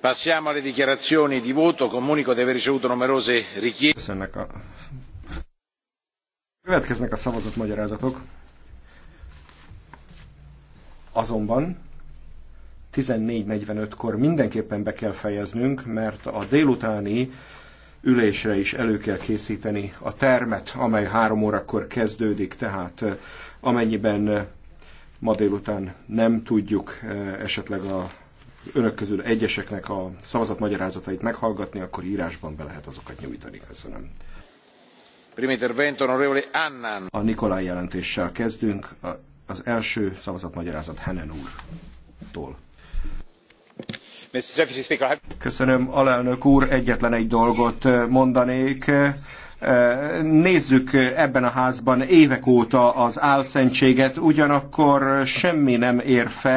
passiamo alle dichiarazioni di voto comunico di aver ricevuto numerose A... következnek a szavazatmagyarázatok azonban 14.45-kor mindenképpen be kell fejeznünk, mert a délutáni ülésre is elő kell készíteni a termet, amely három órakor kezdődik, tehát eh, amennyiben eh, ma délután nem tudjuk eh, esetleg a önök közül egyeseknek a szavazat magyarázatait meghallgatni, akkor írásban be lehet azokat nyújtani. Köszönöm. A Nikolai jelentéssel kezdünk. Az első szavazatmagyarázat Henen úrtól. Köszönöm, alelnök úr, egyetlen egy dolgot eh, mondanék eh, nézzük ebben a házban évek óta az álszentséget, ugyanakkor semmi nem ér fel,